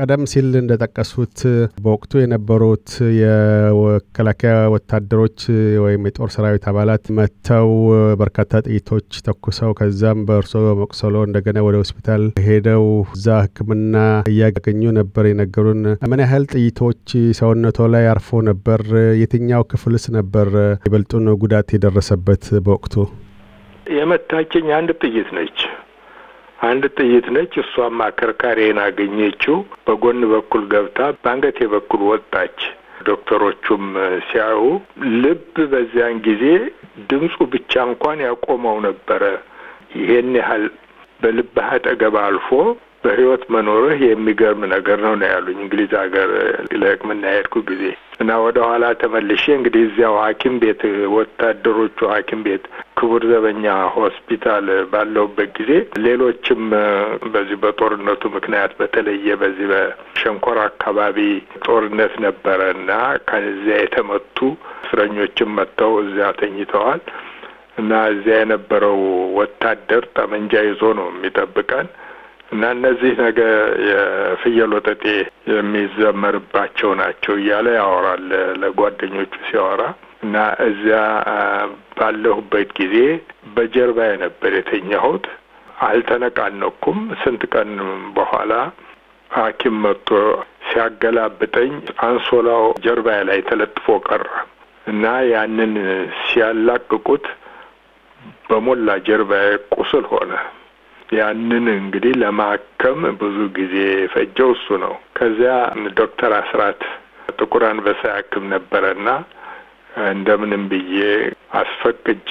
ቀደም ሲል እንደጠቀሱት በወቅቱ የነበሩት የመከላከያ ወታደሮች ወይም የጦር ሰራዊት አባላት መጥተው በርካታ ጥይቶች ተኩሰው ከዛም በእርሶ በመቁሰሎ እንደገና ወደ ሆስፒታል ሄደው እዛ ሕክምና እያገኙ ነበር የነገሩን። ምን ያህል ጥይቶች ሰውነቶ ላይ አርፎ ነበር? የትኛው ክፍልስ ነበር ይበልጡን ጉዳት የደረሰበት? በወቅቱ የመታችኝ አንድ ጥይት ነች። አንድ ጥይት ነች። እሷም አከርካሪን አገኘችው። በጎን በኩል ገብታ በአንገቴ በኩል ወጣች። ዶክተሮቹም ሲያዩ ልብ በዚያን ጊዜ ድምፁ ብቻ እንኳን ያቆመው ነበረ። ይሄን ያህል በልብህ አጠገብ አልፎ በህይወት መኖርህ የሚገርም ነገር ነው ነው ያሉኝ። እንግሊዝ ሀገር ለሕክምና የሄድኩ ጊዜ እና ወደ ኋላ ተመልሼ እንግዲህ እዚያው ሐኪም ቤት ወታደሮቹ ሐኪም ቤት ክቡር ዘበኛ ሆስፒታል ባለውበት ጊዜ ሌሎችም በዚህ በጦርነቱ ምክንያት በተለየ በዚህ በሸንኮራ አካባቢ ጦርነት ነበረ እና ከዚያ የተመቱ እስረኞችም መጥተው እዚያ ተኝተዋል እና እዚያ የነበረው ወታደር ጠመንጃ ይዞ ነው የሚጠብቀን እና እነዚህ ነገ የፍየል ወጠጤ የሚዘመርባቸው ናቸው እያለ ያወራል ለጓደኞቹ ሲያወራ እና እዚያ ባለሁበት ጊዜ በጀርባዬ ነበር የተኛሁት። አልተነቃነኩም። ስንት ቀን በኋላ ሐኪም መጥቶ ሲያገላብጠኝ አንሶላው ጀርባዬ ላይ ተለጥፎ ቀረ እና ያንን ሲያላቅቁት በሞላ ጀርባዬ ቁስል ሆነ። ያንን እንግዲህ ለማከም ብዙ ጊዜ ፈጀው እሱ ነው። ከዚያ ዶክተር አስራት ጥቁር አንበሳ ያክም ነበረና እንደምንም ብዬ አስፈቅጄ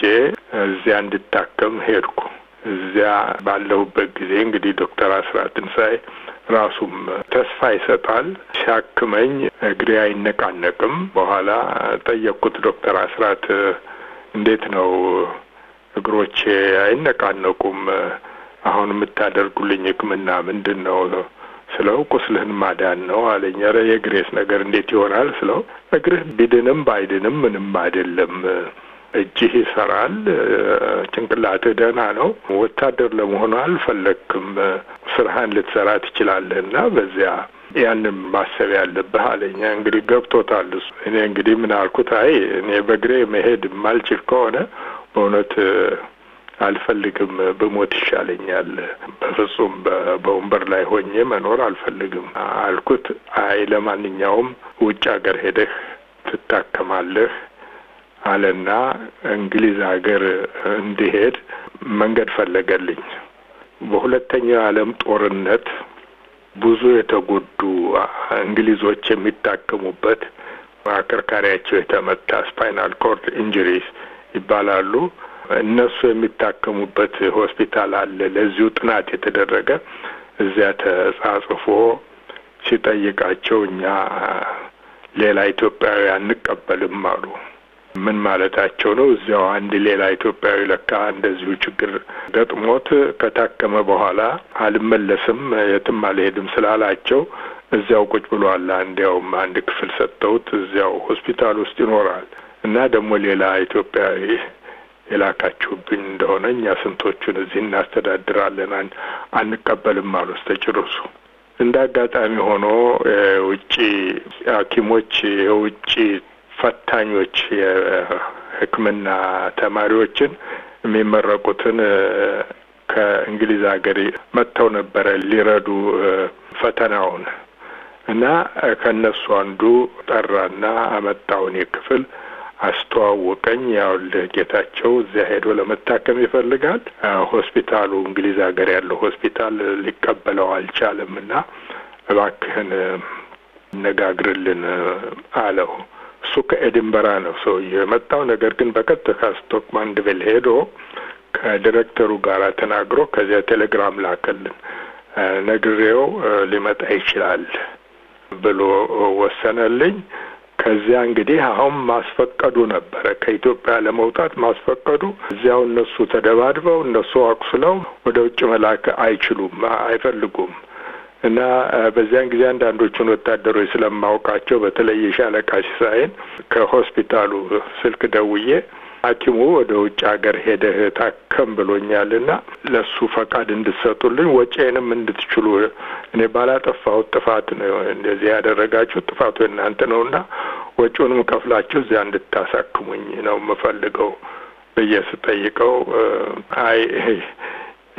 እዚያ እንድታከም ሄድኩ። እዚያ ባለሁበት ጊዜ እንግዲህ ዶክተር አስራ ትንሳኤ ራሱም ተስፋ ይሰጣል። ሲያክመኝ እግሬ አይነቃነቅም። በኋላ ጠየቅኩት ዶክተር አስራት እንዴት ነው እግሮቼ አይነቃነቁም? አሁን የምታደርጉልኝ ሕክምና ምንድን ነው ስለው ቁስልህን ማዳን ነው አለኝ። ኧረ የግሬስ ነገር እንዴት ይሆናል ስለው እግርህ ቢድንም ባይድንም ምንም አይደለም፣ እጅህ ይሰራል፣ ጭንቅላትህ ደህና ነው፣ ወታደር ለመሆኑ አልፈለግክም፣ ስራህን ልትሰራ እና በዚያ ያንን ማሰብ ያለብህ አለኝ። እንግዲህ ገብቶታል እሱ። እኔ እንግዲህ ምን አልኩት? አይ እኔ በእግሬ መሄድ የማልችል ከሆነ በእውነት አልፈልግም፣ ብሞት ይሻለኛል፣ በፍጹም በወንበር ላይ ሆኜ መኖር አልፈልግም አልኩት። አይ ለማንኛውም ውጭ ሀገር ሄደህ ትታከማለህ አለና እንግሊዝ ሀገር እንዲሄድ መንገድ ፈለገልኝ። በሁለተኛው የዓለም ጦርነት ብዙ የተጎዱ እንግሊዞች የሚታከሙበት አከርካሪያቸው የተመታ ስፓይናል ኮርድ ኢንጁሪስ ይባላሉ። እነሱ የሚታከሙበት ሆስፒታል አለ። ለዚሁ ጥናት የተደረገ እዚያ ተጻጽፎ ሲጠይቃቸው እኛ ሌላ ኢትዮጵያዊ አንቀበልም አሉ። ምን ማለታቸው ነው? እዚያው አንድ ሌላ ኢትዮጵያዊ ለካ እንደዚሁ ችግር ገጥሞት ከታከመ በኋላ አልመለስም፣ የትም አልሄድም ስላላቸው እዚያው ቁጭ ብሏል። እንዲያውም አንድ ክፍል ሰጥተውት እዚያው ሆስፒታል ውስጥ ይኖራል እና ደግሞ ሌላ ኢትዮጵያዊ የላካችሁብኝ እንደሆነ እኛ ስንቶቹን እዚህ እናስተዳድራለን አንቀበልም አሉ ስተጭሩሱ እንደ አጋጣሚ ሆኖ የውጭ ሀኪሞች የውጭ ፈታኞች የህክምና ተማሪዎችን የሚመረቁትን ከእንግሊዝ ሀገር መጥተው ነበረ ሊረዱ ፈተናውን እና ከእነሱ አንዱ ጠራና አመጣውን ክፍል? አስተዋወቀኝ። ያው ጌታቸው እዚያ ሄዶ ለመታከም ይፈልጋል። ሆስፒታሉ እንግሊዝ ሀገር ያለው ሆስፒታል ሊቀበለው አልቻለም እና እባክህን ነጋግርልን አለው። እሱ ከኤድንበራ ነው ሰውዬው የመጣው። ነገር ግን በቀጥታ ስቶክማንድቪል ሄዶ ከዲሬክተሩ ጋር ተናግሮ ከዚያ ቴሌግራም ላከልን። ነግሬው ሊመጣ ይችላል ብሎ ወሰነልኝ። ከዚያ እንግዲህ አሁን ማስፈቀዱ ነበረ ከኢትዮጵያ ለመውጣት ማስፈቀዱ። እዚያው እነሱ ተደባድበው እነሱ አቁስለው ወደ ውጭ መላክ አይችሉም፣ አይፈልጉም። እና በዚያን ጊዜ አንዳንዶቹን ወታደሮች ስለማውቃቸው በተለይ የሻለቃ ሲሳይን ከሆስፒታሉ ስልክ ደውዬ ሐኪሙ ወደ ውጭ ሀገር ሄደህ ታከም ብሎኛልና ለሱ ፈቃድ እንድትሰጡልኝ ወጪንም እንድትችሉ እኔ ባላጠፋሁት ጥፋት ነው እንደዚህ ያደረጋችሁ ጥፋቱ እናንተ ነውና ወጪውንም ከፍላችሁ እዚያ እንድታሳክሙኝ ነው የምፈልገው ብዬ ስጠይቀው አይ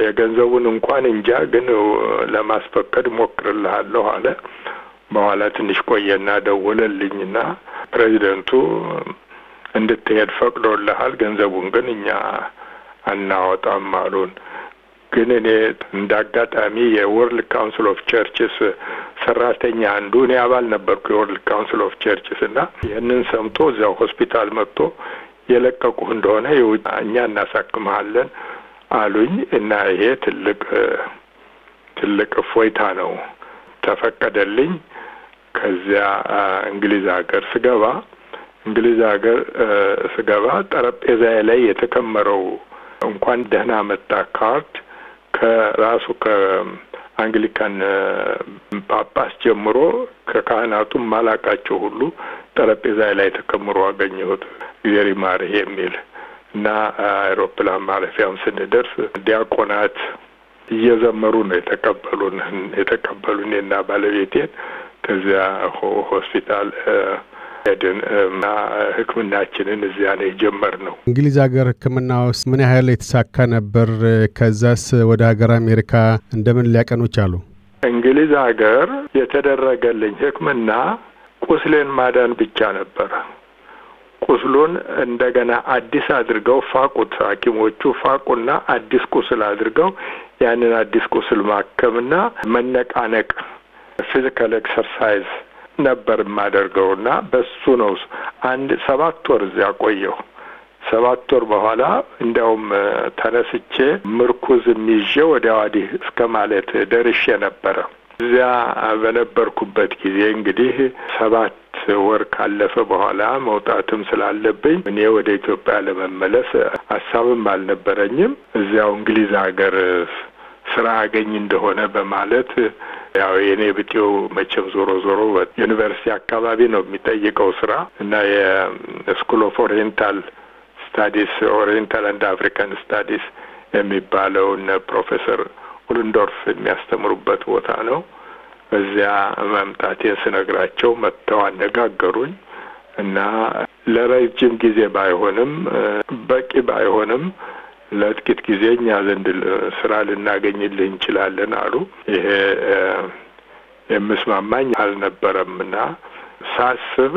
የገንዘቡን እንኳን እንጃ፣ ግን ለማስፈቀድ ሞክርልሃለሁ አለ። በኋላ ትንሽ ቆየና ደወለልኝና ፕሬዚደንቱ እንድትሄድ ፈቅዶልሃል፣ ገንዘቡን ግን እኛ አናወጣም አሉን። ግን እኔ እንደ አጋጣሚ የወርልድ ካውንስል ኦፍ ቸርችስ ሰራተኛ አንዱ እኔ አባል ነበርኩ የወርልድ ካውንስል ኦፍ ቸርችስ እና ይህንን ሰምቶ እዚያው ሆስፒታል መጥቶ የለቀቁህ እንደሆነ እኛ እናሳክመሃለን አሉኝ እና ይሄ ትልቅ ትልቅ እፎይታ ነው። ተፈቀደልኝ። ከዚያ እንግሊዝ ሀገር ስገባ እንግሊዝ ሀገር ስገባ ጠረጴዛ ላይ የተከመረው እንኳን ደህና መጣ ካርድ ከራሱ ከአንግሊካን ጳጳስ ጀምሮ ከካህናቱ ማላቃቸው ሁሉ ጠረጴዛ ላይ ተከምሮ አገኘሁት። እግዜር ይማርህ የሚል እና አውሮፕላን ማረፊያም ስንደርስ ዲያቆናት እየዘመሩ ነው የተቀበሉን የተቀበሉን እና ባለቤቴን ከዚያ ሆስፒታል ሄድን እና ህክምናችንን እዚያ ነው ጀመር ነው። እንግሊዝ ሀገር ህክምና ውስጥ ምን ያህል የተሳካ ነበር? ከዛስ ወደ ሀገር አሜሪካ እንደምን ሊያቀኖች አሉ? እንግሊዝ ሀገር የተደረገልኝ ህክምና ቁስሌን ማዳን ብቻ ነበር ቁስሉን እንደገና አዲስ አድርገው ፋቁት ሐኪሞቹ ፋቁና አዲስ ቁስል አድርገው ያንን አዲስ ቁስል ማከምና መነቃነቅ ፊዚካል ኤክሰርሳይዝ ነበር የማደርገውና በሱ ነው አንድ ሰባት ወር እዚያ ቆየሁ። ሰባት ወር በኋላ እንዲያውም ተነስቼ ምርኩዝ የሚዤ ወዲያ ወዲህ እስከ ማለት ደርሼ ነበረ። እዚያ በነበርኩበት ጊዜ እንግዲህ ሰባት ወር ካለፈ በኋላ መውጣትም ስላለብኝ እኔ ወደ ኢትዮጵያ ለመመለስ ሀሳብም አልነበረኝም። እዚያው እንግሊዝ ሀገር ስራ አገኝ እንደሆነ በማለት ያው የኔ ብጤው መቼም ዞሮ ዞሮ ዩኒቨርሲቲ አካባቢ ነው የሚጠይቀው ስራ እና የስኩል ኦፍ ኦሪየንታል ስታዲስ ኦሪየንታል አንድ አፍሪካን ስታዲስ እነ ፕሮፌሰር ኡልንዶርፍ የሚያስተምሩበት ቦታ ነው። በዚያ መምጣቴን ስነግራቸው መጥተው አነጋገሩኝ እና ለረጅም ጊዜ ባይሆንም በቂ ባይሆንም ለጥቂት ጊዜ እኛ ዘንድ ስራ ልናገኝልህ እንችላለን አሉ። ይሄ የምስማማኝ አልነበረም ና ሳስብ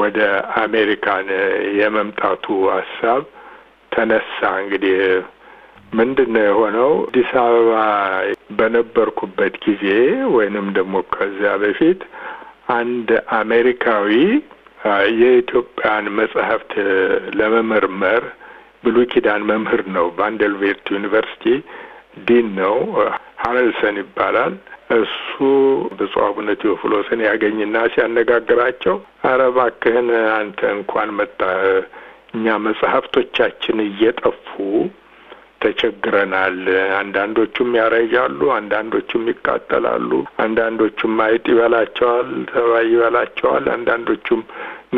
ወደ አሜሪካን የመምጣቱ ሀሳብ ተነሳ። እንግዲህ ምንድን ነው የሆነው? አዲስ አበባ በነበርኩበት ጊዜ ወይንም ደግሞ ከዚያ በፊት አንድ አሜሪካዊ የኢትዮጵያን መጽሐፍት ለመመርመር ብሉይ ኪዳን መምህር ነው። ቫንደልቬርት ዩኒቨርሲቲ ዲን ነው። ሀረልሰን ይባላል። እሱ ብፁዕ አቡነ ቴዎፍሎስን ያገኝና ሲያነጋግራቸው አረ እባክህን አንተ እንኳን መጣ እኛ መጽሐፍቶቻችን እየጠፉ ተቸግረናል። አንዳንዶቹም ያረጃሉ፣ አንዳንዶቹም ይቃጠላሉ፣ አንዳንዶቹም አይጥ ይበላቸዋል፣ ተባይ ይበላቸዋል፣ አንዳንዶቹም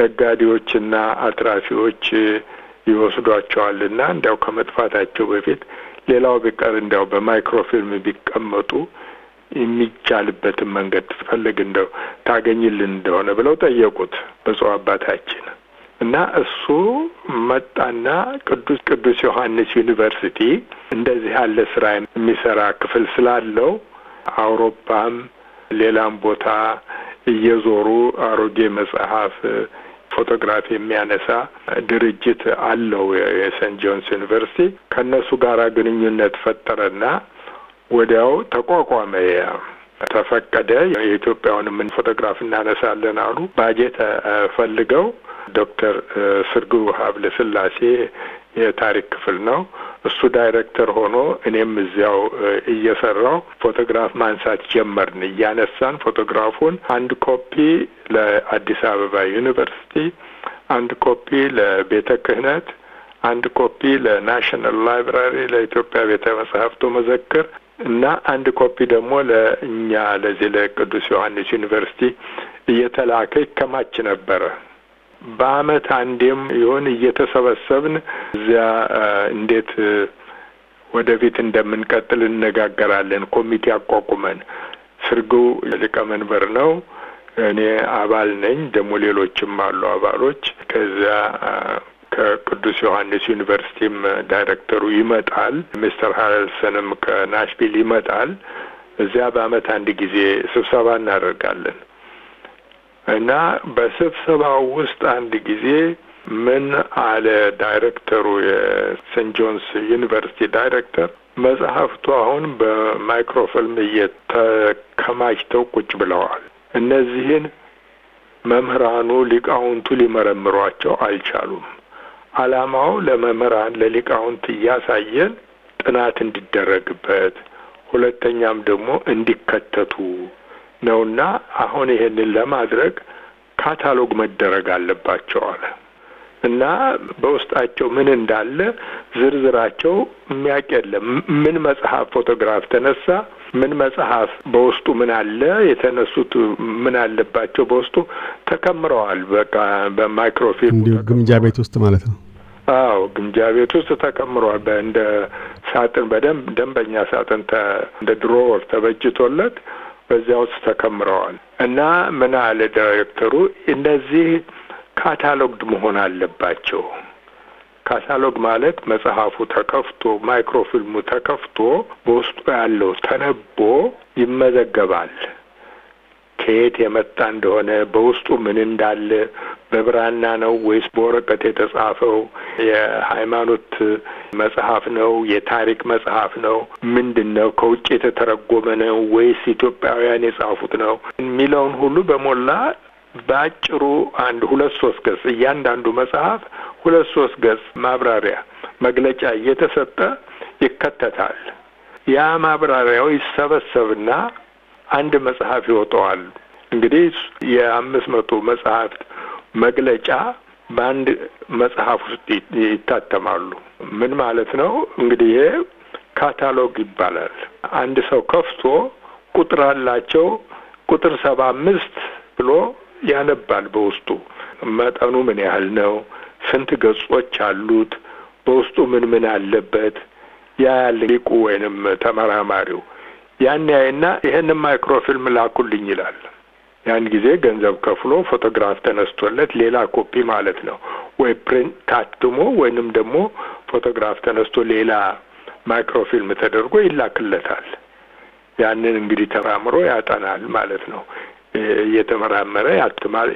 ነጋዴዎችና አትራፊዎች ይወስዷቸዋልና እንዲያው ከመጥፋታቸው በፊት ሌላው ቢቀር እንዲያው በማይክሮፊልም ቢቀመጡ የሚቻልበትን መንገድ ትፈልግ እንደው ታገኝልን እንደሆነ ብለው ጠየቁት ብፁዕ አባታችን እና እሱ መጣና ቅዱስ ቅዱስ ዮሐንስ ዩኒቨርሲቲ እንደዚህ ያለ ስራ የሚሰራ ክፍል ስላለው አውሮፓም ሌላም ቦታ እየዞሩ አሮጌ መጽሐፍ ፎቶግራፊ የሚያነሳ ድርጅት አለው የሴንት ጆንስ ዩኒቨርሲቲ። ከእነሱ ጋር ግንኙነት ፈጠረና ወዲያው ተቋቋመ። ተፈቀደ። ምን ፎቶግራፍ እናነሳለን አሉ። ባጀት ፈልገው ዶክተር ስርግው ሀብለ ስላሴ የታሪክ ክፍል ነው እሱ ዳይሬክተር ሆኖ እኔም እዚያው እየሰራው ፎቶግራፍ ማንሳት ጀመርን። እያነሳን ፎቶግራፉን አንድ ኮፒ ለአዲስ አበባ ዩኒቨርሲቲ፣ አንድ ኮፒ ለቤተ ክህነት፣ አንድ ኮፒ ለናሽናል ላይብራሪ ለኢትዮጵያ ቤተ መጽሐፍቱ መዘክር እና አንድ ኮፒ ደግሞ ለእኛ ለዚህ ለቅዱስ ዮሐንስ ዩኒቨርሲቲ እየተላከ ይከማች ነበረ። በአመት አንዴም ይሆን እየተሰበሰብን እዚያ እንዴት ወደፊት እንደምንቀጥል እነጋገራለን። ኮሚቴ አቋቁመን ስርግው ሊቀመንበር ነው፣ እኔ አባል ነኝ፣ ደግሞ ሌሎችም አሉ አባሎች። ከዚያ ከቅዱስ ዮሐንስ ዩኒቨርሲቲም ዳይሬክተሩ ይመጣል፣ ሚስተር ሃረልሰንም ከናሽቪል ይመጣል። እዚያ በአመት አንድ ጊዜ ስብሰባ እናደርጋለን። እና በስብሰባው ውስጥ አንድ ጊዜ ምን አለ ዳይሬክተሩ፣ የሴንት ጆንስ ዩኒቨርሲቲ ዳይሬክተር መጽሐፍቱ አሁን በማይክሮፊልም እየተከማችተው ቁጭ ብለዋል። እነዚህን መምህራኑ ሊቃውንቱ ሊመረምሯቸው አልቻሉም። አላማው ለመምህራን ለሊቃውንት እያሳየን ጥናት እንዲደረግበት ሁለተኛም ደግሞ እንዲከተቱ ነውና አሁን ይሄንን ለማድረግ ካታሎግ መደረግ አለባቸው አለ እና በውስጣቸው ምን እንዳለ ዝርዝራቸው የሚያቅ የለም። ምን መጽሐፍ ፎቶግራፍ ተነሳ፣ ምን መጽሐፍ በውስጡ ምን አለ፣ የተነሱት ምን አለባቸው በውስጡ ተከምረዋል። በቃ በማይክሮፊልም እንዲሁ ግምጃ ቤት ውስጥ ማለት ነው። አዎ ግምጃ ቤት ውስጥ ተከምረዋል። እንደ ሳጥን በደንብ ደንበኛ ሳጥን እንደ ድሮወር ተበጅቶለት በዚያ ውስጥ ተከምረዋል። እና ምን አለ ዳይሬክተሩ፣ እነዚህ ካታሎግድ መሆን አለባቸው። ካታሎግ ማለት መጽሐፉ ተከፍቶ ማይክሮፊልሙ ተከፍቶ በውስጡ ያለው ተነቦ ይመዘገባል። ከየት የመጣ እንደሆነ በውስጡ ምን እንዳለ በብራና ነው ወይስ በወረቀት የተጻፈው? የሃይማኖት መጽሐፍ ነው? የታሪክ መጽሐፍ ነው? ምንድን ነው? ከውጭ የተተረጎመ ነው ወይስ ኢትዮጵያውያን የጻፉት ነው የሚለውን ሁሉ በሞላ በአጭሩ አንድ ሁለት ሶስት ገጽ እያንዳንዱ መጽሐፍ ሁለት ሶስት ገጽ ማብራሪያ መግለጫ እየተሰጠ ይከተታል። ያ ማብራሪያው ይሰበሰብና አንድ መጽሐፍ ይወጣዋል። እንግዲህ የአምስት መቶ መጽሐፍት መግለጫ በአንድ መጽሐፍ ውስጥ ይታተማሉ። ምን ማለት ነው? እንግዲህ ይሄ ካታሎግ ይባላል። አንድ ሰው ከፍቶ ቁጥር አላቸው ቁጥር ሰባ አምስት ብሎ ያነባል። በውስጡ መጠኑ ምን ያህል ነው? ስንት ገጾች አሉት? በውስጡ ምን ምን አለበት? ያያል ሊቁ ወይንም ተመራማሪው። ያን ያይና ይሄን ማይክሮፊልም ላኩልኝ ይላል። ያን ጊዜ ገንዘብ ከፍሎ ፎቶግራፍ ተነስቶለት ሌላ ኮፒ ማለት ነው ወይ ፕሪንት ታትሞ ወይንም ደግሞ ፎቶግራፍ ተነስቶ ሌላ ማይክሮፊልም ተደርጎ ይላክለታል። ያንን እንግዲህ ተራምሮ ያጠናል ማለት ነው። እየተመራመረ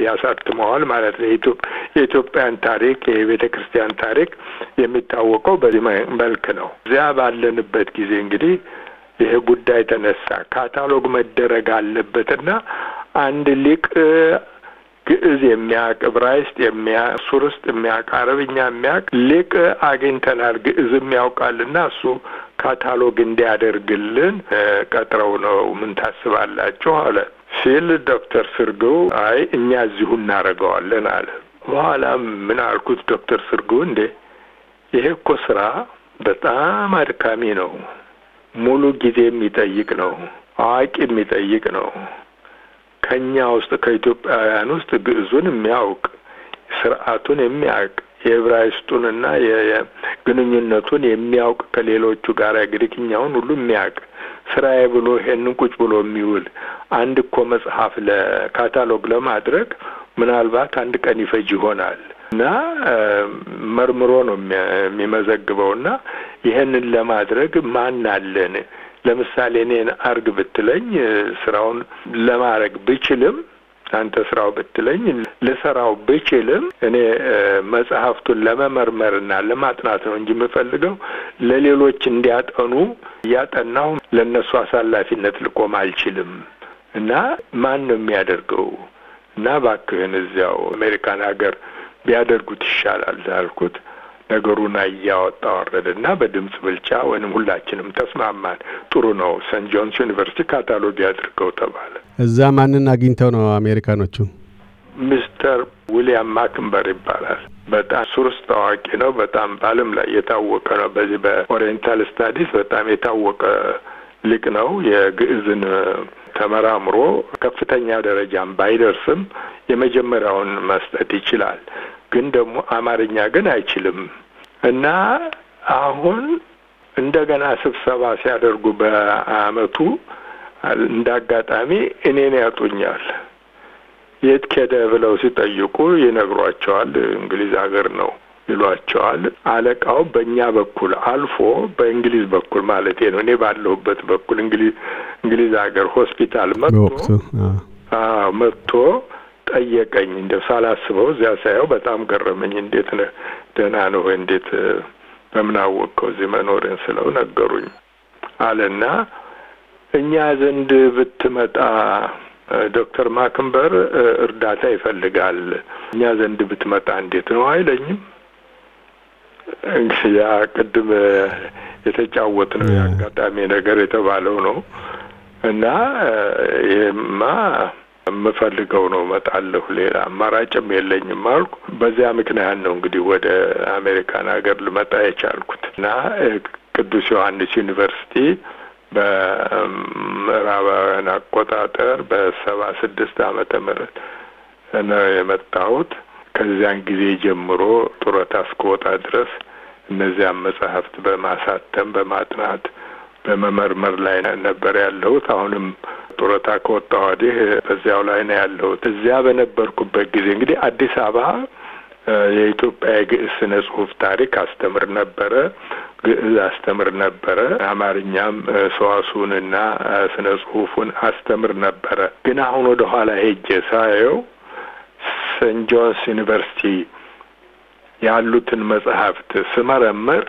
ያሳትመዋል ማለት ነው። የኢትዮጵያን ታሪክ የቤተ ክርስቲያን ታሪክ የሚታወቀው በዚህ መልክ ነው። እዚያ ባለንበት ጊዜ እንግዲህ ይሄ ጉዳይ ተነሳ። ካታሎግ መደረግ አለበትና አንድ ሊቅ ግዕዝ የሚያውቅ ዕብራይስጥ የሚያውቅ ሱርስጥ የሚያውቅ አረብኛ የሚያውቅ ሊቅ አግኝተናል፣ ግዕዝም ያውቃልና እሱ ካታሎግ እንዲያደርግልን ቀጥረው ነው። ምን ታስባላችሁ አለ ሲል ዶክተር ስርግው አይ እኛ እዚሁ እናደርገዋለን አለ። በኋላ ምን አልኩት ዶክተር ስርግው እንዴ ይሄ እኮ ስራ በጣም አድካሚ ነው ሙሉ ጊዜ የሚጠይቅ ነው። አዋቂ የሚጠይቅ ነው። ከእኛ ውስጥ ከኢትዮጵያውያን ውስጥ ግዕዙን የሚያውቅ ስርዓቱን የሚያውቅ የዕብራይስጡንና የግንኙነቱን የሚያውቅ ከሌሎቹ ጋር ግሪክኛውን ሁሉ የሚያውቅ ስራዬ ብሎ ይሄንን ቁጭ ብሎ የሚውል አንድ እኮ መጽሐፍ ለካታሎግ ለማድረግ ምናልባት አንድ ቀን ይፈጅ ይሆናል። እና መርምሮ ነው የሚመዘግበው። እና ይህንን ለማድረግ ማን አለን? ለምሳሌ እኔን አርግ ብትለኝ ስራውን ለማድረግ ብችልም አንተ ስራው ብትለኝ ልሰራው ብችልም እኔ መጽሐፍቱን ለመመርመርና ለማጥናት ነው እንጂ የምፈልገው ለሌሎች እንዲያጠኑ እያጠናው ለእነሱ አሳላፊነት ልቆም አልችልም እና ማን ነው የሚያደርገው? እና እባክህን እዚያው አሜሪካን ሀገር ቢያደርጉት ይሻላል አልኩት። ነገሩን እያወጣ ወረደና በድምፅ ብልጫ ወይም ሁላችንም ተስማማን። ጥሩ ነው ሰን ጆንስ ዩኒቨርሲቲ ካታሎግ ያድርገው ተባለ። እዛ ማንን አግኝተው ነው አሜሪካኖቹ? ሚስተር ዊልያም ማክንበር ይባላል። በጣም ሱርስ ታዋቂ ነው። በጣም በዓለም ላይ የታወቀ ነው። በዚህ በኦሪየንታል ስታዲስ በጣም የታወቀ ሊቅ ነው። የግዕዝን ተመራምሮ ከፍተኛ ደረጃም ባይደርስም የመጀመሪያውን መስጠት ይችላል። ግን ደግሞ አማርኛ ግን አይችልም እና አሁን እንደገና ስብሰባ ሲያደርጉ በአመቱ እንዳጋጣሚ እኔን ያጡኛል። የት ከሄደ ብለው ሲጠይቁ ይነግሯቸዋል። እንግሊዝ ሀገር ነው ይሏቸዋል። አለቃው በእኛ በኩል አልፎ በእንግሊዝ በኩል ማለት ነው እኔ ባለሁበት በኩል እንግሊዝ ሀገር ሆስፒታል መጥቶ መጥቶ ጠየቀኝ። እንደ ሳላስበው እዚያ ሳየው በጣም ገረመኝ። እንዴት ነህ? ደህና ነው? እንዴት በምን አወቅከው እዚህ መኖርን? ስለው ነገሩኝ አለና እኛ ዘንድ ብትመጣ ዶክተር ማክንበር እርዳታ ይፈልጋል። እኛ ዘንድ ብትመጣ እንዴት ነው አይለኝም። እንግዲህ ያ ቅድም የተጫወት ነው የአጋጣሚ ነገር የተባለው ነው እና ይህማ የምፈልገው ነው መጣለሁ፣ ሌላ አማራጭም የለኝም አልኩ። በዚያ ምክንያት ነው እንግዲህ ወደ አሜሪካን ሀገር ልመጣ የቻልኩት እና ቅዱስ ዮሐንስ ዩኒቨርሲቲ በምዕራባውያን አቆጣጠር በሰባ ስድስት አመተ ምህረት ነው የመጣሁት። ከዚያን ጊዜ ጀምሮ ጡረታ እስክወጣ ድረስ እነዚያም መጽሐፍት በማሳተም በማጥናት በመመርመር ላይ ነበር ያለሁት። አሁንም ጡረታ ከወጣ ወዲህ በዚያው ላይ ነው ያለሁት። እዚያ በነበርኩበት ጊዜ እንግዲህ አዲስ አበባ የኢትዮጵያ የግዕዝ ስነ ጽሁፍ ታሪክ አስተምር ነበረ። ግዕዝ አስተምር ነበረ። አማርኛም ሰዋሱንና ስነ ጽሁፉን አስተምር ነበረ። ግን አሁን ወደ ኋላ ሄጄ ሳየው ሴንት ጆንስ ዩኒቨርሲቲ ያሉትን መጽሐፍት ስመረምር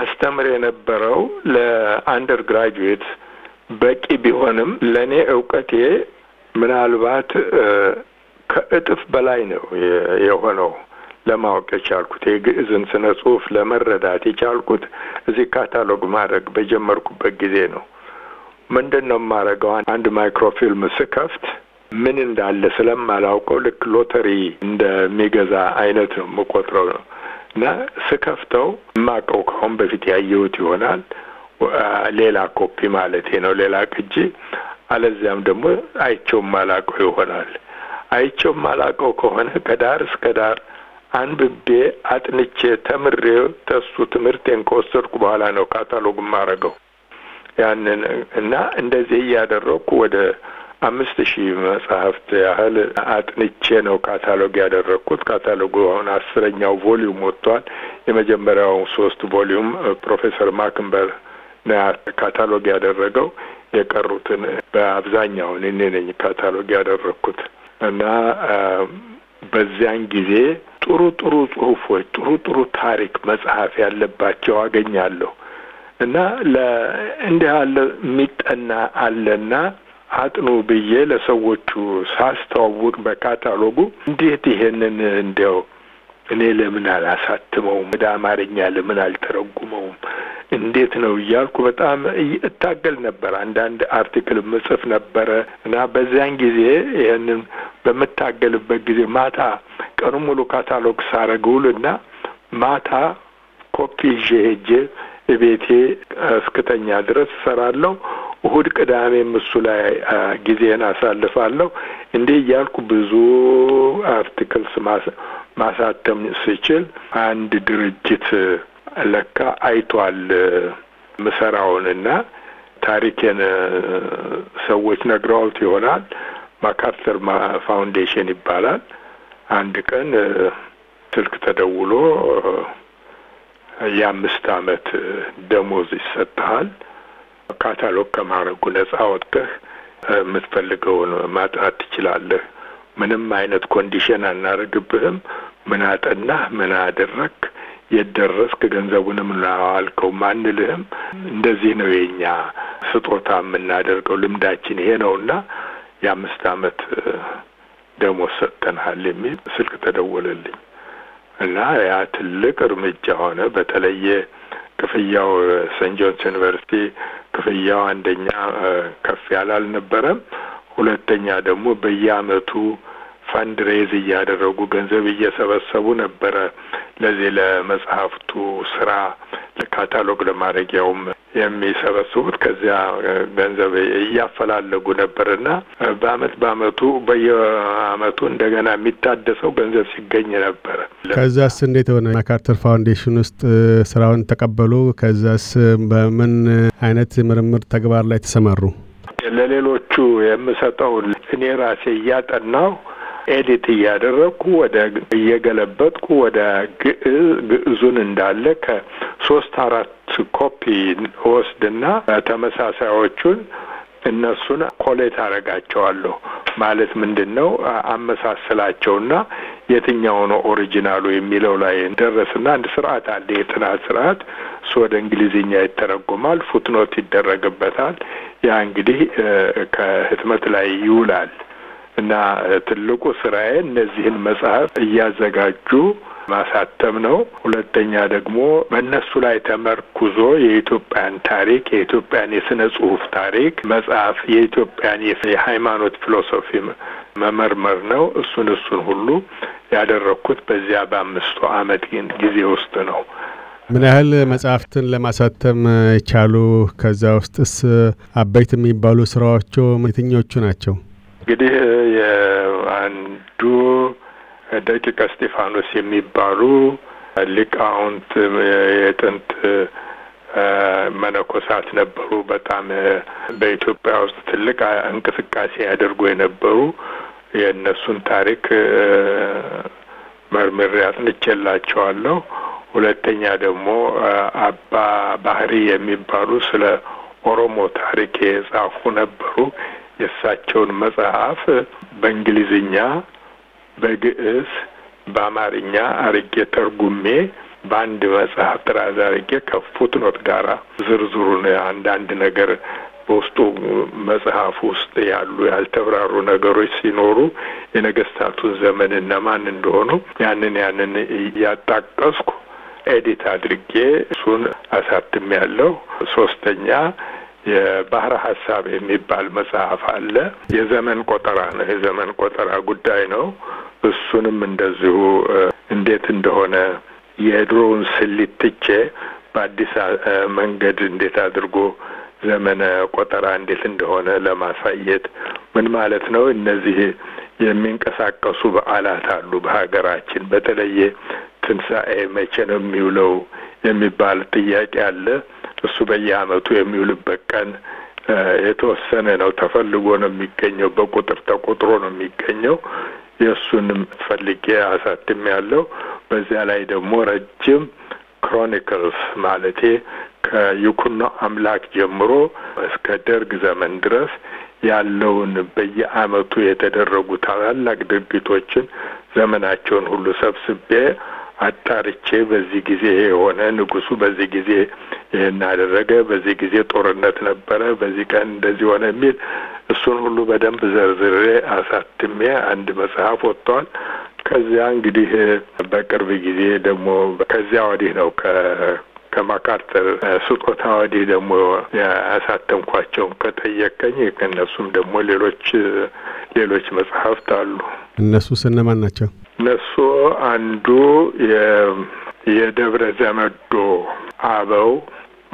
አስተምር የነበረው ለአንደር ግራጁዌት በቂ ቢሆንም ለእኔ እውቀቴ ምናልባት ከእጥፍ በላይ ነው የሆነው። ለማወቅ የቻልኩት የግዕዝን ስነ ጽሁፍ ለመረዳት የቻልኩት እዚህ ካታሎግ ማድረግ በጀመርኩበት ጊዜ ነው። ምንድን ነው የማደርገው? አንድ ማይክሮፊልም ስከፍት ምን እንዳለ ስለማላውቀው ልክ ሎተሪ እንደሚገዛ አይነት ነው የምቆጥረው ነው እና ስከፍተው የማውቀው ከአሁን በፊት ያየሁት ይሆናል ሌላ ኮፒ ማለት ነው ሌላ ቅጂ፣ አለዚያም ደግሞ አይቼው ማላቀው ይሆናል። አይቼው ማላቀው ከሆነ ከዳር እስከ ዳር አንብቤ አጥንቼ ተምሬ ተሱ ትምህርቴን ከወሰድኩ በኋላ ነው ካታሎግ ማረገው ያንን እና እንደዚህ እያደረግኩ ወደ አምስት ሺህ መጽሐፍት ያህል አጥንቼ ነው ካታሎግ ያደረግኩት። ካታሎጉ አሁን አስረኛው ቮሊዩም ወጥቷል። የመጀመሪያው ሶስት ቮሊዩም ፕሮፌሰር ማክንበር ካታሎግ ያደረገው የቀሩትን በአብዛኛውን እኔ ነኝ ካታሎግ ያደረግኩት እና በዚያን ጊዜ ጥሩ ጥሩ ጽሁፎች፣ ጥሩ ጥሩ ታሪክ መጽሐፍ ያለባቸው አገኛለሁ እና ለእንዲህ አለ። የሚጠና አለና አጥኑ ብዬ ለሰዎቹ ሳስተዋውቅ በካታሎጉ እንዴት ይሄንን እንዲያው እኔ ለምን አላሳትመውም? ወደ አማርኛ ለምን አልተረጉመውም? እንዴት ነው እያልኩ በጣም እታገል ነበር። አንዳንድ አርቲክል ምጽፍ ነበረ እና በዚያን ጊዜ ይህንን በምታገልበት ጊዜ ማታ ቀኑ ሙሉ ካታሎግ ሳረግውል ውልና ማታ ኮፒ ይዤ ሄጄ እቤቴ እስክተኛ ድረስ እሰራለሁ። እሁድ፣ ቅዳሜም እሱ ላይ ጊዜን አሳልፋለሁ። እንዲህ እያልኩ ብዙ አርቲክልስ ማሳተም ስችል አንድ ድርጅት ለካ አይቷል ምሰራውንና ታሪኬን ሰዎች ነግረውት ይሆናል። ማካርተር ፋውንዴሽን ይባላል። አንድ ቀን ስልክ ተደውሎ የአምስት አመት ደሞዝ ይሰጥሃል ካታሎግ ከማድረጉ ነጻ ወጥተህ የምትፈልገውን ማጥናት ትችላለህ። ምንም አይነት ኮንዲሽን አናደርግብህም። ምን አጠናህ፣ ምን አደረግ፣ የት ደረስክ፣ ገንዘቡንም ላዋልከው ማንልህም። እንደዚህ ነው የኛ ስጦታ የምናደርገው ልምዳችን ይሄ ነውና የአምስት አመት ደሞዝ ሰጥተንሃል የሚል ስልክ ተደወለልኝ እና ያ ትልቅ እርምጃ ሆነ። በተለየ ክፍያው ሰንጆንስ ጆንስ ዩኒቨርሲቲ ክፍያው አንደኛ ከፍ ያለ አልነበረም። ሁለተኛ ደግሞ በየአመቱ ፈንድ ሬዝ እያደረጉ ገንዘብ እየሰበሰቡ ነበረ ለዚህ ለመጽሐፍቱ ስራ ለካታሎግ ለማድረጊያውም የሚሰበስቡት ከዚያ ገንዘብ እያፈላለጉ ነበርና በአመት በአመቱ በየአመቱ እንደገና የሚታደሰው ገንዘብ ሲገኝ ነበረ። ከዛስ እንዴት ሆነ? ካርተር ፋውንዴሽን ውስጥ ስራውን ተቀበሉ። ከዛስ በምን አይነት ምርምር ተግባር ላይ ተሰማሩ? ለሌሎቹ የምሰጠው እኔ ራሴ እያጠናው ኤዲት እያደረግኩ ወደ እየገለበጥኩ ወደ ግዕዙን እንዳለ ከሶስት አራት ኮፒ ወስድና ተመሳሳዮቹን እነሱን ኮሌት አረጋቸዋለሁ ማለት ምንድን ነው? አመሳስላቸውና የትኛው ነው ኦሪጂናሉ የሚለው ላይ ደረስና አንድ ስርዓት አለ። የጥናት ስርዓት እሱ ወደ እንግሊዝኛ ይተረጎማል፣ ፉትኖት ይደረግበታል። ያ እንግዲህ ከህትመት ላይ ይውላል እና ትልቁ ስራዬ እነዚህን መጽሐፍ እያዘጋጁ ማሳተም ነው። ሁለተኛ ደግሞ በእነሱ ላይ ተመርኩዞ የኢትዮጵያን ታሪክ የኢትዮጵያን የስነ ጽሁፍ ታሪክ መጽሐፍ የኢትዮጵያን የሃይማኖት ፊሎሶፊ መመርመር ነው። እሱን እሱን ሁሉ ያደረግኩት በዚያ በአምስቱ አመት ጊዜ ውስጥ ነው። ምን ያህል መጽሐፍትን ለማሳተም የቻሉ? ከዛ ውስጥስ አበይት የሚባሉ ስራዎቹ የትኞቹ ናቸው? እንግዲህ የአንዱ ደቂቀ እስጢፋኖስ የሚባሉ ሊቃውንት የጥንት መነኮሳት ነበሩ። በጣም በኢትዮጵያ ውስጥ ትልቅ እንቅስቃሴ ያደርጉ የነበሩ የእነሱን ታሪክ መርምሬ አጥንቼላቸዋለሁ። ሁለተኛ ደግሞ አባ ባህሪ የሚባሉ ስለ ኦሮሞ ታሪክ የጻፉ ነበሩ። የእሳቸውን መጽሐፍ በእንግሊዝኛ በግዕዝ በአማርኛ አርጌ ተርጉሜ በአንድ መጽሐፍ ጥራዝ አርጌ ከፉትኖት ጋራ ዝርዝሩን አንዳንድ ነገር በውስጡ መጽሐፍ ውስጥ ያሉ ያልተብራሩ ነገሮች ሲኖሩ የነገስታቱን ዘመን እነማን እንደሆኑ ያንን ያንን እያጣቀስኩ ኤዲት አድርጌ እሱን አሳትሜ ያለው ሶስተኛ የባህረ ሀሳብ የሚባል መጽሐፍ አለ። የዘመን ቆጠራ ነው። የዘመን ቆጠራ ጉዳይ ነው። እሱንም እንደዚሁ እንዴት እንደሆነ የድሮውን ስሊት ትቼ በአዲስ መንገድ እንዴት አድርጎ ዘመነ ቆጠራ እንዴት እንደሆነ ለማሳየት ምን ማለት ነው እነዚህ የሚንቀሳቀሱ በዓላት አሉ በሀገራችን። በተለየ ትንሣኤ መቼ ነው የሚውለው የሚባል ጥያቄ አለ። እሱ በየአመቱ የሚውልበት ቀን የተወሰነ ነው። ተፈልጎ ነው የሚገኘው። በቁጥር ተቆጥሮ ነው የሚገኘው። የእሱንም ፈልጌ አሳትም ያለው በዚያ ላይ ደግሞ ረጅም ክሮኒክልስ ማለቴ ከይኩኖ አምላክ ጀምሮ እስከ ደርግ ዘመን ድረስ ያለውን በየአመቱ የተደረጉ ታላላቅ ድርጊቶችን ዘመናቸውን ሁሉ ሰብስቤ አጣርቼ በዚህ ጊዜ የሆነ ንጉሱ በዚህ ጊዜ ይህን አደረገ፣ በዚህ ጊዜ ጦርነት ነበረ፣ በዚህ ቀን እንደዚህ ሆነ የሚል እሱን ሁሉ በደንብ ዘርዝሬ አሳትሜ አንድ መጽሐፍ ወጥቷል። ከዚያ እንግዲህ በቅርብ ጊዜ ደግሞ ከዚያ ወዲህ ነው ከ ከማካርተር ስጦታ ወዲህ ደግሞ ያሳተምኳቸውን ከጠየቀኝ ከእነሱም ደግሞ ሌሎች ሌሎች መጽሐፍት አሉ። እነሱ ስነማን ናቸው? እነሱ አንዱ የደብረ ዘመዶ አበው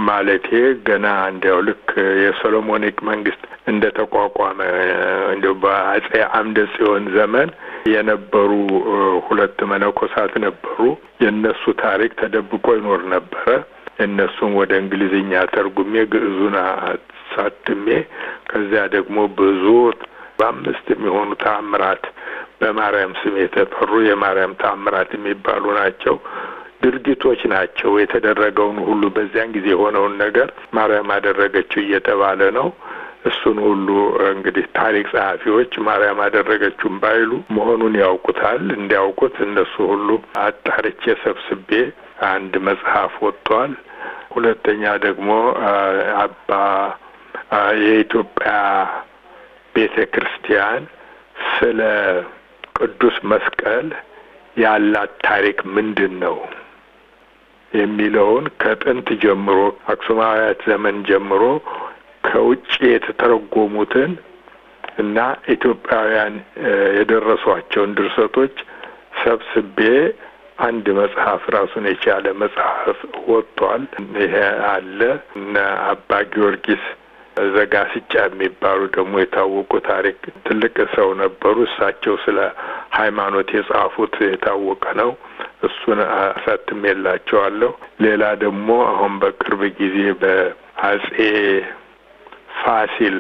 ማለቴ ገና እንዲያው ልክ የሶሎሞኒክ መንግስት እንደ ተቋቋመ እንዲያው በአጼ አምደ ጽዮን ዘመን የነበሩ ሁለት መነኮሳት ነበሩ። የእነሱ ታሪክ ተደብቆ ይኖር ነበረ። እነሱም ወደ እንግሊዝኛ ተርጉሜ ግዕዙን አሳትሜ ከዚያ ደግሞ ብዙ በአምስት የሚሆኑ ተአምራት በማርያም ስም የተጠሩ የማርያም ተአምራት የሚባሉ ናቸው ድርጊቶች ናቸው። የተደረገውን ሁሉ በዚያን ጊዜ የሆነውን ነገር ማርያም አደረገችው እየተባለ ነው። እሱን ሁሉ እንግዲህ ታሪክ ጸሐፊዎች ማርያም አደረገችውን ባይሉ መሆኑን ያውቁታል። እንዲያውቁት እነሱ ሁሉ አጣርቼ ሰብስቤ አንድ መጽሐፍ ወጥቷል። ሁለተኛ ደግሞ አባ የኢትዮጵያ ቤተ ክርስቲያን ስለ ቅዱስ መስቀል ያላት ታሪክ ምንድን ነው? የሚለውን ከጥንት ጀምሮ አክሱማውያት ዘመን ጀምሮ ከውጭ የተተረጎሙትን እና ኢትዮጵያውያን የደረሷቸውን ድርሰቶች ሰብስቤ አንድ መጽሐፍ ራሱን የቻለ መጽሐፍ ወጥቷል። ይሄ አለ እነ አባ ጊዮርጊስ ዘጋስጫ የሚባሉ ደግሞ የታወቁ ታሪክ ትልቅ ሰው ነበሩ። እሳቸው ስለ ሃይማኖት የጻፉት የታወቀ ነው። እሱን አሳትም የላቸዋለሁ። ሌላ ደግሞ አሁን በቅርብ ጊዜ በአጼ ፋሲል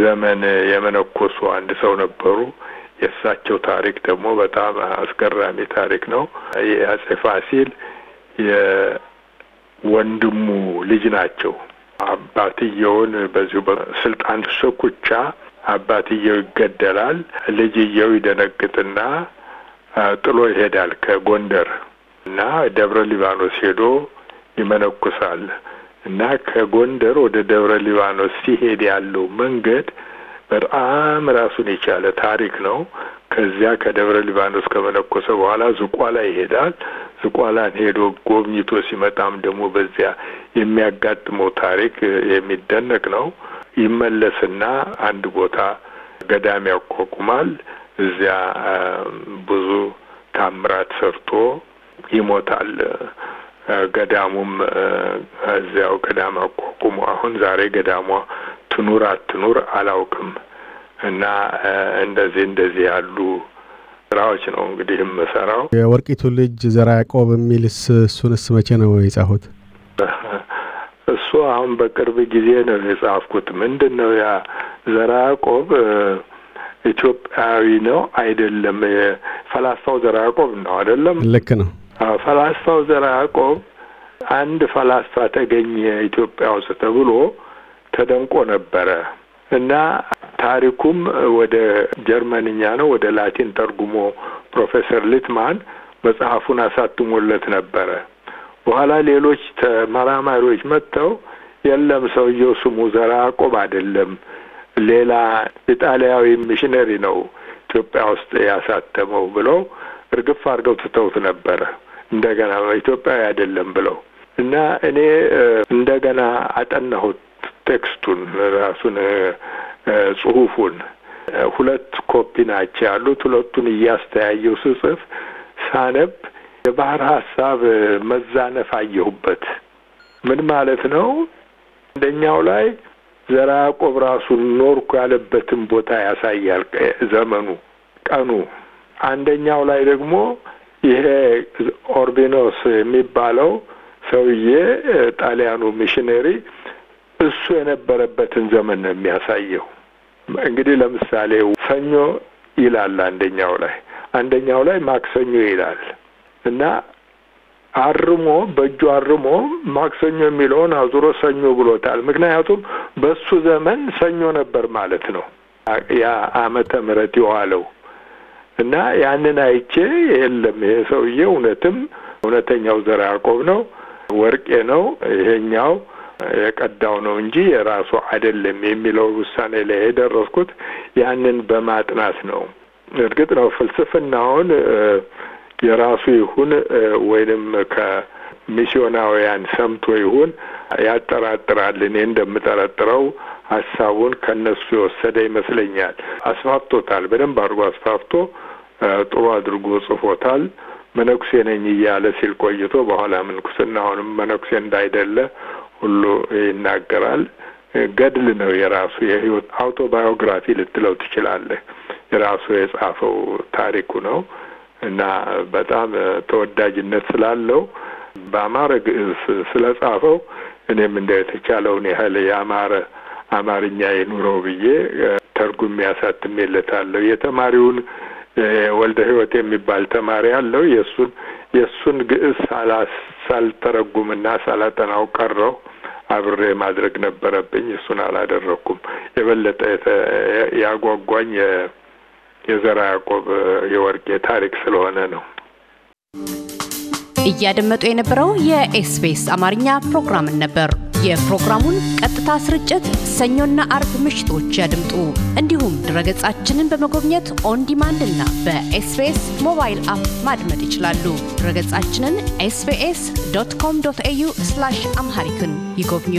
ዘመን የመነኮሱ አንድ ሰው ነበሩ። የእሳቸው ታሪክ ደግሞ በጣም አስገራሚ ታሪክ ነው። የአጼ ፋሲል የወንድሙ ልጅ ናቸው። አባትየውን በዚሁ በስልጣን ሽኩቻ አባትየው ይገደላል። ልጅየው ይደነግጥና ጥሎ ይሄዳል ከጎንደር እና ደብረ ሊባኖስ ሄዶ ይመነኩሳል እና ከጎንደር ወደ ደብረ ሊባኖስ ሲሄድ ያለው መንገድ በጣም ራሱን የቻለ ታሪክ ነው። ከዚያ ከደብረ ሊባኖስ ከመነኮሰ በኋላ ዝቋላ ይሄዳል። ዝቋላን ሄዶ ጎብኝቶ ሲመጣም ደግሞ በዚያ የሚያጋጥመው ታሪክ የሚደነቅ ነው። ይመለስና አንድ ቦታ ገዳም ያቋቁማል። እዚያ ብዙ ታምራት ሰርቶ ይሞታል። ገዳሙም እዚያው ገዳም አቋቁሞ አሁን ዛሬ ገዳሟ ትኑር አትኑር አላውቅም። እና እንደዚህ እንደዚህ ያሉ ስራዎች ነው እንግዲህ የምሰራው። የወርቂቱ ልጅ ዘራ ያዕቆብ የሚልስ እሱንስ መቼ ነው የጻፉት? እሱ አሁን በቅርብ ጊዜ ነው የጻፍኩት። ምንድን ነው ያ ዘራ ያዕቆብ ኢትዮጵያዊ ነው አይደለም። ፈላስፋው ዘርዓ ያዕቆብ ነው አይደለም። ልክ ነው። ፈላስፋው ዘርዓ ያዕቆብ አንድ ፈላስፋ ተገኘ ኢትዮጵያ ውስጥ ተብሎ ተደንቆ ነበረ እና ታሪኩም ወደ ጀርመንኛ ነው ወደ ላቲን ተርጉሞ ፕሮፌሰር ሊትማን መጽሐፉን አሳትሞለት ነበረ። በኋላ ሌሎች ተመራማሪዎች መጥተው የለም ሰውየው ስሙ ዘርዓ ያዕቆብ አይደለም ሌላ ኢጣሊያዊ ሚሽነሪ ነው ኢትዮጵያ ውስጥ ያሳተመው ብለው እርግፍ አድርገው ትተውት ነበረ። እንደገና ኢትዮጵያዊ አይደለም ብለው እና እኔ እንደገና አጠናሁት ቴክስቱን ራሱን ጽሁፉን ሁለት ኮፒ ናቸው ያሉት። ሁለቱን እያስተያየው ስጽፍ ሳነብ የባህር ሀሳብ መዛነፍ አየሁበት። ምን ማለት ነው? አንደኛው ላይ ዘራ ያዕቆብ ራሱ ኖርኩ ያለበትን ቦታ ያሳያል። ዘመኑ ቀኑ አንደኛው ላይ ደግሞ ይሄ ኦርቢኖስ የሚባለው ሰውዬ ጣሊያኑ ሚሽነሪ እሱ የነበረበትን ዘመን ነው የሚያሳየው። እንግዲህ ለምሳሌ ሰኞ ይላል አንደኛው ላይ፣ አንደኛው ላይ ማክሰኞ ይላል እና አርሞ በእጁ አርሞ ማክሰኞ የሚለውን አዙሮ ሰኞ ብሎታል። ምክንያቱም በሱ ዘመን ሰኞ ነበር ማለት ነው ያ ዓመተ ምሕረት የዋለው እና ያንን አይቼ የለም ይሄ ሰውዬ እውነትም እውነተኛው ዘር ያዕቆብ ነው፣ ወርቄ ነው፣ ይሄኛው የቀዳው ነው እንጂ የራሱ አይደለም የሚለው ውሳኔ ላይ የደረስኩት ያንን በማጥናት ነው። እርግጥ ነው ፍልስፍናውን የራሱ ይሁን ወይንም ከሚስዮናውያን ሰምቶ ይሁን ያጠራጥራል። እኔ እንደምጠረጥረው ሀሳቡን ከነሱ የወሰደ ይመስለኛል። አስፋፍቶታል። በደንብ አድርጎ አስፋፍቶ ጥሩ አድርጎ ጽፎታል። መነኩሴ ነኝ እያለ ሲል ቆይቶ በኋላ ምንኩስና አሁንም መነኩሴ እንዳይደለ ሁሉ ይናገራል። ገድል ነው የራሱ የህይወት አውቶባዮግራፊ ልትለው ትችላለህ። የራሱ የጻፈው ታሪኩ ነው። እና በጣም ተወዳጅነት ስላለው በአማረ ግዕዝ ስለጻፈው እኔም እንደ የተቻለውን ያህል የአማረ አማርኛ የኑሮ ብዬ ተርጉሜ ያሳትሜለታለሁ። የተማሪውን ወልደ ሕይወት የሚባል ተማሪ አለው። የእሱን የእሱን ግዕዝ ሳልተረጉምና ሳላጠናው ቀረው። አብሬ ማድረግ ነበረብኝ። እሱን አላደረግኩም። የበለጠ ያጓጓኝ የዘራ ያዕቆብ የወርቄ ታሪክ ስለሆነ ነው። እያደመጡ የነበረው የኤስቢኤስ አማርኛ ፕሮግራምን ነበር። የፕሮግራሙን ቀጥታ ስርጭት ሰኞና አርብ ምሽቶች ያድምጡ። እንዲሁም ድረገጻችንን በመጎብኘት ኦን ዲማንድ እና በኤስቢኤስ ሞባይል አፕ ማድመጥ ይችላሉ። ድረገጻችንን ኤስቢኤስ ዶት ኮም ዶት ኤዩ አምሃሪክን ይጎብኙ።